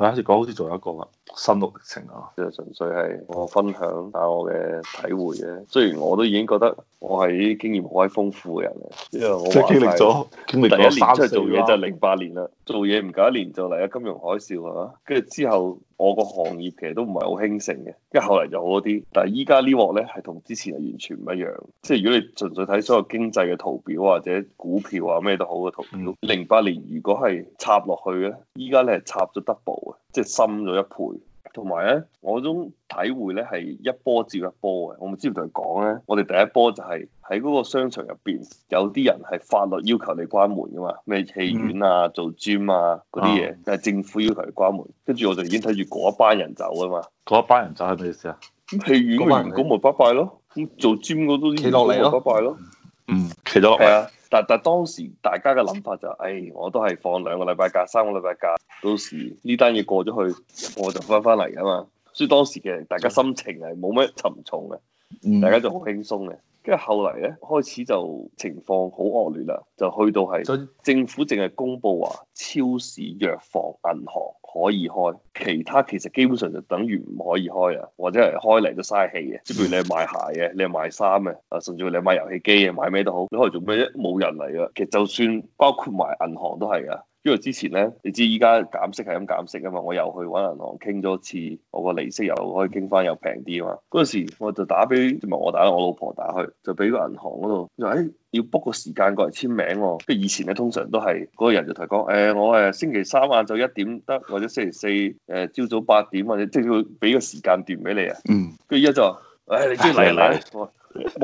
第一次講好似仲有一個㗎，心路歷程啊，就純粹係我分享下我嘅體會嘅，雖然我都已經覺得我係啲經驗好鬼豐富嘅人啦，即係 Yeah, 經歷咗經歷咗三年出嚟做嘢就係零八年啦。做嘢唔夠一年就嚟啊，金融海嘯啊，跟住之後我個行業其實都唔係好興盛嘅，跟住後嚟就好啲。但係依家呢鑊咧係同之前係完全唔一樣，即係如果你純粹睇所有經濟嘅圖表或者股票啊咩都好嘅圖表，零八年如果係插落去咧，依家咧係插咗 double 嘅，即係深咗一倍。同埋咧，我嗰種體會咧係一波接一波嘅。我唔知之前同佢講咧，我哋第一波就係、是。喺嗰個商場入邊，有啲人係法律要求你關門噶嘛，咩戲院啊、嗯、做 gym 啊嗰啲嘢，但係政府要求你關門。跟住我就已經睇住嗰一班人走啊嘛。嗰一班人走係咩意思啊？咁戲院嗰個唔高不拜咯，咁做 gym 嗰都企落嚟咯，不拜咯。咯嗯，企落係啊，但但當時大家嘅諗法就係、係哎，我都係放兩個禮拜假、三個禮拜假，到時呢單嘢過咗去，我就翻翻嚟啊嘛。所以當時嘅大家心情係冇咩沉重嘅，大家就好輕鬆嘅。嗯嗯。因為後嚟咧開始就情況好惡劣啦，就去到係政府淨係公布話超市、藥房、銀行可以開，其他其實基本上就等於唔可以開啊，或者係開嚟都嘥氣嘅。即譬如你係賣鞋嘅，你係賣衫嘅，啊，甚至你係賣遊戲機嘅，賣咩都好，你可以做咩啫？冇人嚟啊！其實就算包括埋銀行都係噶。因為之前咧，你知依家減息係咁減息啊嘛，我又去揾銀行傾咗次，我個利息又可以傾翻又平啲啊嘛。嗰陣時我就打俾，唔係我打，我老婆打去，就俾個銀行嗰度，就係要 book 個時間過嚟簽名喎。跟住以前咧，通常都係嗰個人就同佢講，誒我誒星期三晏晝一點得，或者星期四誒朝早八點，或者即係要俾個時間段俾你啊。嗯。跟住依家就話，誒你即係嚟唔嚟？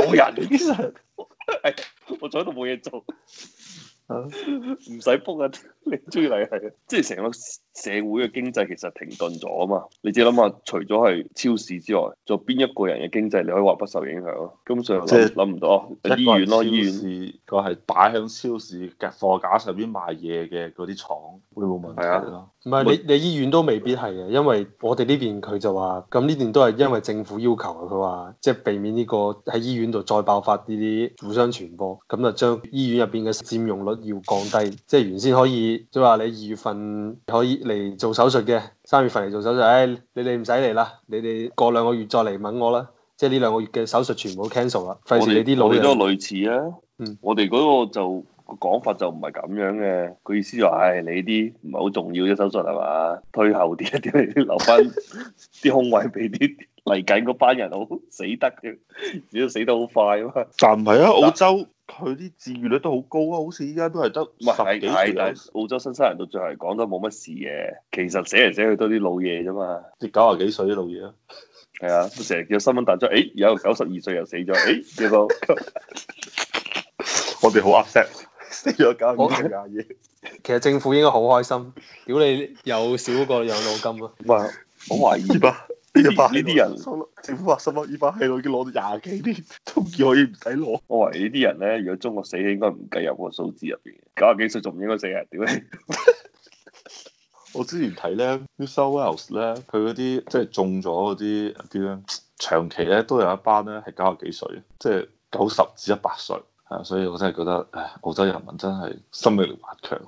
冇 人，其實我坐喺度冇嘢做。唔使撲啊！ 你追嚟係啊，即係成個社會嘅經濟其實停頓咗啊嘛！你只諗下，除咗係超市之外，仲有邊一個人嘅經濟你可以話不受影響？根本上諗諗唔到，就是、醫院咯，市醫院佢係擺喺超市嘅貨架上邊賣嘢嘅嗰啲廠會冇問題咯。唔係你你醫院都未必係嘅，因為我哋呢邊佢就話咁呢邊都係因為政府要求啊，佢話即係避免呢、這個喺醫院度再爆發呢啲互相傳播，咁就將醫院入邊嘅佔用率。要降低，即係原先可以，即係話你二月份可以嚟做手術嘅，三月份嚟做手術，唉、哎，你哋唔使嚟啦，你哋過兩個月再嚟問我啦，即係呢兩個月嘅手術全部 cancel 啦，費事們你啲腦。我哋都類似啊，嗯，我哋嗰個就、嗰個講法就唔係咁樣嘅，佢意思話，唉、哎，你啲唔係好重要嘅手術係嘛，推後啲一啲，留翻啲空位俾啲嚟緊嗰班人，好死得嘅，你都死得好快啊嘛。但唔係啊，澳洲。 佢啲治癒率都好高啊，好似依家都係得係係，澳洲新西蘭到最後講得冇乜事嘅。其實死人死去都啲老嘢啫嘛，即係九啊幾歲啲老嘢。係 啊，成日叫新聞彈出，誒、哎、有九十二歲又死咗，誒，呢個我哋好阿石，死咗九啊幾歲嘅。其實政府應該好開心，如果你有少個有老金少過養老金咯、啊。唔係，好懷疑吧。 呢啲呢啲人，政府八十蚊二百喺我已經攞到廿幾啲，終於可以唔使攞。我話呢啲人咧，如果中國死，應該唔計入個數字入邊。九十幾歲仲唔應該死啊？屌你！ 我之前睇咧，New South Wales 咧，佢嗰啲即係中咗嗰啲叫長期咧都有一班咧係九十幾歲，即係九十至一百歲。啊，所以我真係覺得，誒，澳洲人民真係生命力頑強。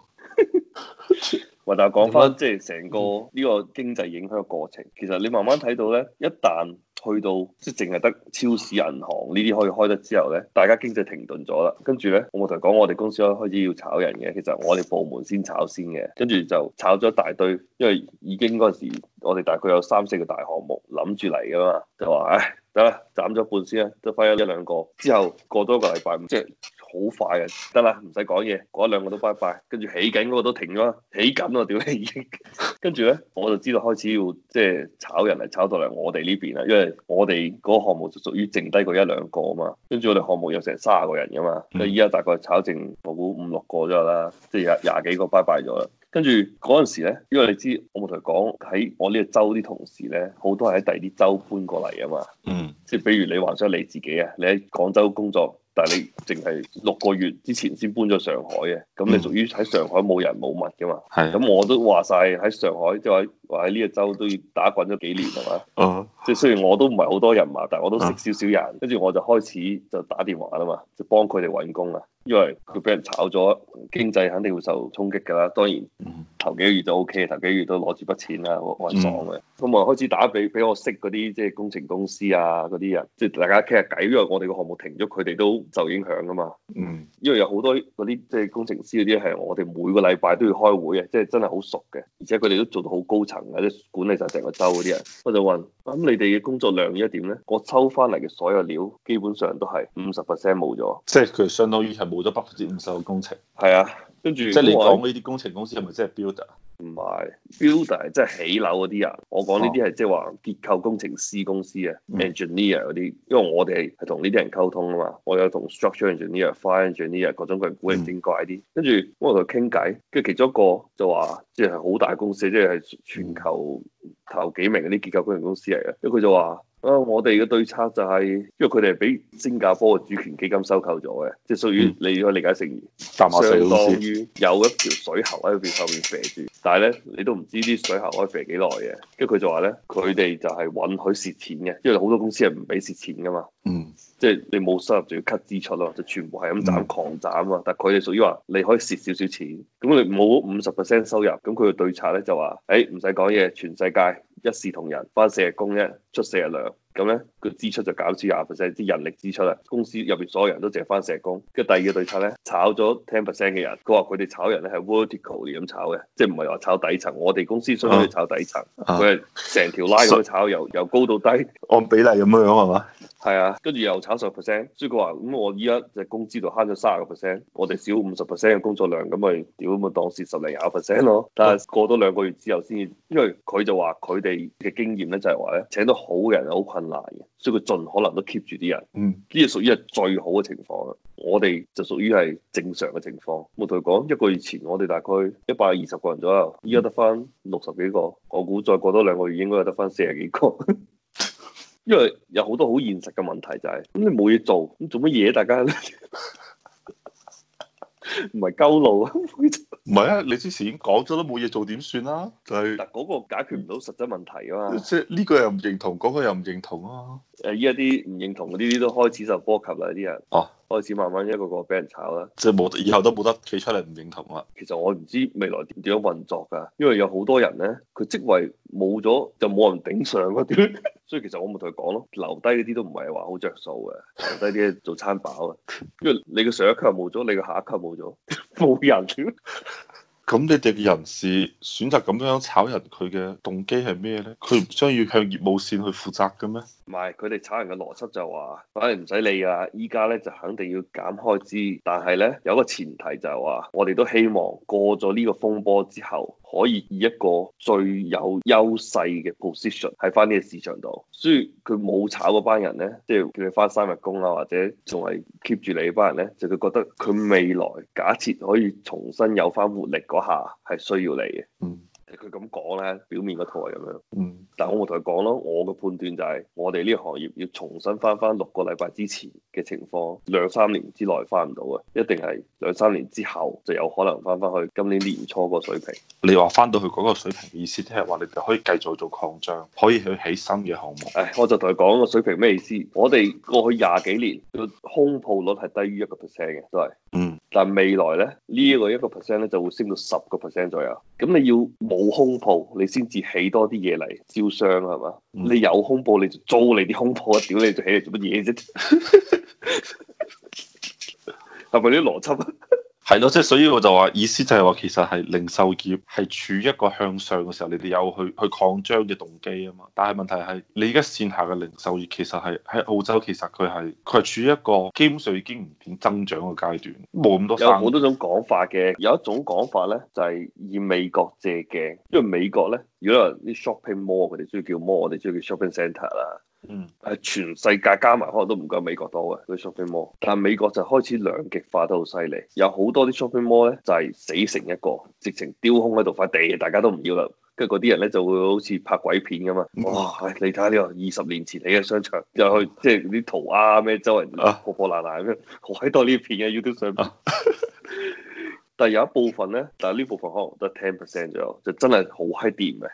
或就講翻即係成個呢個經濟影響嘅過程。其實你慢慢睇到咧，一旦去到即係淨係得超市、銀行呢啲可以開得之後咧，大家經濟停頓咗啦。跟住咧，我冇同你講我哋公司開開始要炒人嘅。其實我哋部門先炒先嘅，跟住就炒咗一大堆，因為已經嗰陣時我哋大概有三四個大項目諗住嚟㗎嘛，就話唉。得啦，斬咗半先啦，都翻咗一兩個。之後過多個禮拜，即係好快嘅。得啦，唔使講嘢，嗰一兩個都拜拜，跟住起緊嗰個都停咗啦，起緊啊，屌咧已經。跟住咧，我就知道開始要即係炒人嚟，炒到嚟我哋呢邊啦，因為我哋嗰個項目就屬於剩低個一兩個啊嘛。跟住我哋項目有成卅個人㗎嘛，所以依家大概炒剩我估五六個咗啦，即係廿廿幾個拜拜咗啦。跟住嗰陣時咧，因為你知我冇同佢講，喺我呢個州啲同事咧，好多係喺第二啲州搬過嚟啊嘛。嗯。即係比如你話想你自己啊，你喺廣州工作，但係你淨係六個月之前先搬咗上海嘅，咁、嗯、你屬於喺上海冇人冇物噶嘛。係的。咁我都話晒喺上海，即係話喺呢個州都要打滾咗幾年係嘛？哦、嗯。即係吧雖然我都唔係好多人嘛，但係我都識少少人。啊、跟住我就開始就打電話啦嘛，就幫佢哋搵工啊。因為佢俾人炒咗，經濟肯定會受衝擊㗎啦。當然頭幾個月就 O、OK, K，頭幾個月都攞住筆錢啦，我開心嘅。咁我、嗯、開始打俾俾我識嗰啲即係工程公司啊嗰啲人，即係大家傾下偈。因為我哋個項目停咗，佢哋都受影響㗎嘛。嗯、因為有好多嗰啲即係工程師嗰啲係我哋每個禮拜都要開會嘅，即係真係好熟嘅，而且佢哋都做到好高層嘅，即管理晒成個州嗰啲人。我就問：咁你哋嘅工作量依家點咧？我抽翻嚟嘅所有料基本上都係五十 percent 冇咗。即係佢相當於係冇。好多百分之五十嘅工程，係啊，跟住即係你講呢啲工程公司係咪即係 builder？唔係，builder 係即係起樓嗰啲啊。我講呢啲係即係話結構工程師公司啊，engineer 啲。因為我哋係同呢啲人溝通啊嘛，我有同 structure engineer、fire engineer 各種各樣古靈精怪啲。嗯、跟住我同佢傾偈，跟住其中一個就話，即係好大公司，即係全球頭幾名嗰啲結構工程公司嚟啊。因為佢就話。啊！我哋嘅對策就係、是，因為佢哋係俾新加坡嘅主權基金收購咗嘅，即係屬於、嗯、你可以理解成淡相當於有一條水喉喺後面射住，但係咧你都唔知啲水喉可以射幾耐嘅。跟住佢就話咧，佢哋就係允許蝕錢嘅，因為好多公司係唔俾蝕錢㗎嘛。嗯，即係你冇收入就要 cut 支出咯，就全部係咁斬狂斬啊！嗯、但係佢哋屬於話你可以蝕少少錢，咁你冇五十 percent 收入，咁佢嘅對策咧就、欸、話，誒唔使講嘢，全世界。一視同仁，翻四日工一出四日糧，咁咧個支出就減少廿 percent，啲人力支出啊，公司入邊所有人都淨翻四日工。跟住第二個對策咧，炒咗 ten percent 嘅人，佢話佢哋炒人咧係 vertical 咁炒嘅，即係唔係話炒底層。我哋公司需要炒底層，佢係成條拉 i n 炒，由 由高到低，按比 例咁樣樣係嘛？係啊，跟住又炒十 percent，所以佢話咁我依家只工資度慳咗卅個 percent，我哋少五十 percent 嘅工作量，咁咪屌咪當蝕十零廿 percent 咯。但係過多兩個月之後，先因為佢就話佢哋嘅經驗咧就係話咧，請到好人好困難嘅，所以佢盡可能都 keep 住啲人。嗯，呢個屬於係最好嘅情況啦。我哋就屬於係正常嘅情況。我同佢講，一個月前我哋大概一百二十個人左右，依家得翻六十幾個，我估再過多兩個月應該有得翻四十幾個。 因為有好多好現實嘅問題就係、是，咁你冇嘢做，咁做乜嘢大家唔係鳩路，唔 係啊， 啊！你之前已經講咗都冇嘢做，點算啊？就係、是、嗱，嗰個解決唔到實質問題啊嘛。即係呢個又唔認同，講、這、佢、個、又唔認同啊。誒，依家啲唔認同嗰啲，都開始就波及啦，啲人。哦、啊。開始慢慢一個個俾人炒啦，即係冇以後都冇得企出嚟唔認同啦。其實我唔知未來點點樣運作㗎，因為有好多人咧，佢職位冇咗就冇人頂上啊屌！ 所以其實我咪同佢講咯，留低嗰啲都唔係話好着數嘅，留低啲做餐飽啊。因為你嘅上一級冇咗，你嘅下一級冇咗，冇 人的。 咁你哋嘅人士選擇咁樣炒人，佢嘅動機係咩呢？佢唔需要向業務線去負責嘅咩？唔係，佢哋炒人嘅邏輯就話，反而唔使理啊！依家呢就肯定要減開支，但係呢，有個前提就係話，我哋都希望過咗呢個風波之後。可以以一個最有優勢嘅 position 喺翻呢個市場度，所以佢冇炒嗰班人咧，即係叫你翻三日工啊，或者仲係 keep 住你嗰班人咧，就佢覺得佢未來假設可以重新有翻活力嗰下，係需要你嘅。嗯佢咁講咧，表面嗰台咁樣，嗯、但係我冇同佢講咯。我嘅判斷就係、是，我哋呢個行業要重新翻翻六個禮拜之前嘅情況，兩三年之內翻唔到啊。一定係兩三年之後就有可能翻翻去今年年初個水平。你話翻到去嗰個水平，意思即係話你哋可以繼續做擴張，可以去起新嘅項目。誒，我就同佢講個水平咩意思？我哋過去廿幾年個空鋪率係低於一個 percent 嘅，都係。嗯，但係未來咧呢一、這個一個 percent 咧就會升到十個 percent 左右，咁你要冇空鋪，你先至起多啲嘢嚟招商係嘛？嗯、你有空鋪，你就租你啲空鋪，啊，屌你，仲起嚟做乜嘢啫？係咪啲邏輯啊？係咯，即係所以我就話意思就係話其實係零售業係處於一個向上嘅時候，你哋有去去擴張嘅動機啊嘛。但係問題係你而家線下嘅零售業其實係喺澳洲，其實佢係佢係處於一個基本上已經唔點增長嘅階段，冇咁多。有好多種講法嘅，有一種講法咧就係、是、以美國借鏡，因為美國咧，如果話啲 shopping mall，佢哋中意叫 mall，我哋中意叫 shopping centre 啦。嗯，係全世界加埋可能都唔夠美國多嘅嗰啲 shopping mall，但係美國就開始兩極化得好犀利，有好多啲 shopping mall 咧就係、是、死成一個，直情丟空喺度塊地，大家都唔要啦，跟住嗰啲人咧就會好似拍鬼片咁啊，哇！哎、你睇下呢個二十年前你嘅商場，又去即係啲塗鴉咩周圍破破爛爛咁樣，好多呢片嘅，啊、YouTube，上 但係有一部分咧，但係呢部分可能得 ten percent 左右，就真係好閪掂嘅，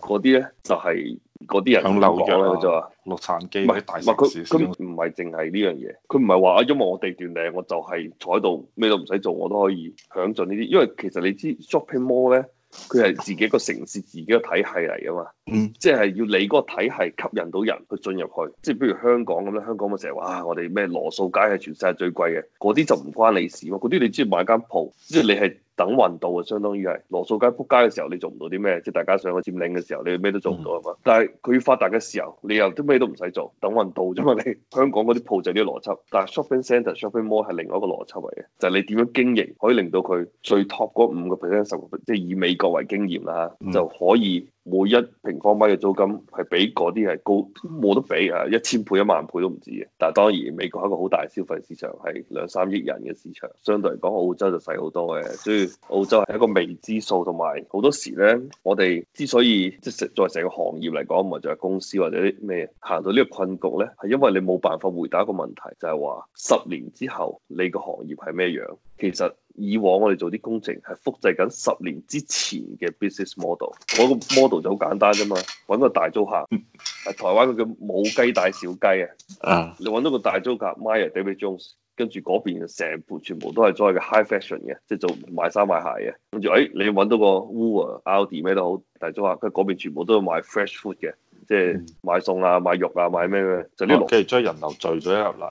嗰啲咧就係、是。嗰啲人咁想佢就話，洛杉磯唔係大係佢唔係淨係呢樣嘢，佢唔係話啊，因為我地段靚，我就係坐喺度咩都唔使做，我都可以享盡呢啲。因為其實你知 shopping mall 呢，佢係自己個城市自己個體系嚟啊嘛，即係 要你嗰個體系吸引到人去進入去，即係譬如香港咁啦，香港咪成日話我哋咩羅素街係全世界最貴嘅，嗰啲就唔關你事喎，嗰啲你知，要買間鋪，即係你係。等運到啊，相當於係羅素街撲街嘅時候，你做唔到啲咩？即係大家上去佔領嘅時候，你咩都做唔到啊嘛。嗯、但係佢發達嘅時候，你又啲咩都唔使做，等運到啫嘛。你香港嗰啲鋪就呢啲邏輯，但係 shopping centre、shopping mall 係另外一個邏輯嚟嘅，就係、是、你點樣經營可以令到佢最 top 嗰五個 percent 十個 percent，即係以美國為經驗啦，嗯、就可以。每一平方米嘅租金係比嗰啲係高，冇得比啊！一千倍、一萬倍都唔止嘅。但係當然，美國係一個好大消費市場係兩三億人嘅市場，相對嚟講澳洲就細好多嘅。所以澳洲係一個未知數，同埋好多時咧，我哋之所以即係作為成個行業嚟講，唔係就係公司或者啲咩行到呢個困局咧，係因為你冇辦法回答一個問題，就係話十年之後你個行業係咩樣。其實。以往我哋做啲工程係複製緊十年之前嘅 business model，我個 model 就好簡單啫嘛，揾個大租客，係台灣嘅叫母雞帶小雞啊，你揾到個大租客，Myer David Jones，跟住嗰邊成盤全部都係做嘅 high fashion 嘅，即係做賣衫賣鞋嘅，跟住誒你揾到個 w o o n e r Aldi 咩都好大租客，跟住嗰邊全部都係賣 fresh food 嘅，即係賣餸啊賣肉啊賣咩咩，就呢、是、六，跟住將人流聚咗一入嚟。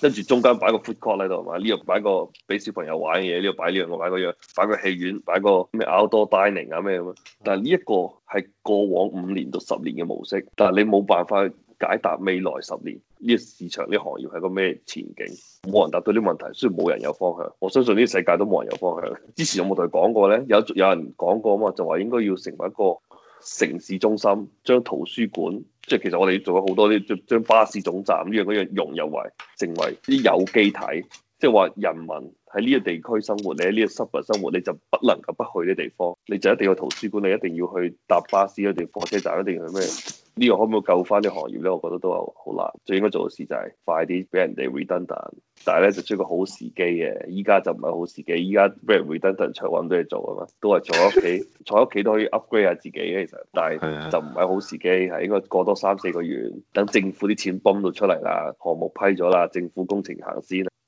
跟住中間擺個 food court 喺度，係嘛？呢度擺個俾小朋友玩嘅嘢，呢度擺呢樣，我擺個樣，擺個擺個擺個戲院，擺個咩 outdoor dining 啊咩咁樣。但係呢一個係過往五年到十年嘅模式，但係你冇辦法解答未來十年呢個市場呢個行業係個咩前景？冇人答到啲問題，所以冇人有方向。我相信呢個世界都冇人有方向。之前有冇同佢講過咧？有有人講過啊嘛，就話應該要成為一個。城市中心將圖書館，即係其實我哋做咗好多啲，將將巴士總站呢樣嗰樣，融入為成為啲有機體。即係話人民喺呢個地區生活，你喺呢個 suburb 生活，你就不能夠不去啲地方，你就一定要圖書館，你一定要去搭巴士嗰段，一定火車站一定要去咩？呢個可唔可以救翻啲行業咧？我覺得都係好難。最應該做嘅事就係快啲俾人哋 redundant，但係咧就出個好時機嘅。依家就唔係好時機，依家俾人 redundant 出嚟搵到嘢做啊嘛，都係坐屋企， 坐屋企都可以 upgrade 下自己嘅。其實，但係就唔係好時機，係應該過多三四個月，等政府啲錢泵到出嚟啦，項目批咗啦，政府工程行先。先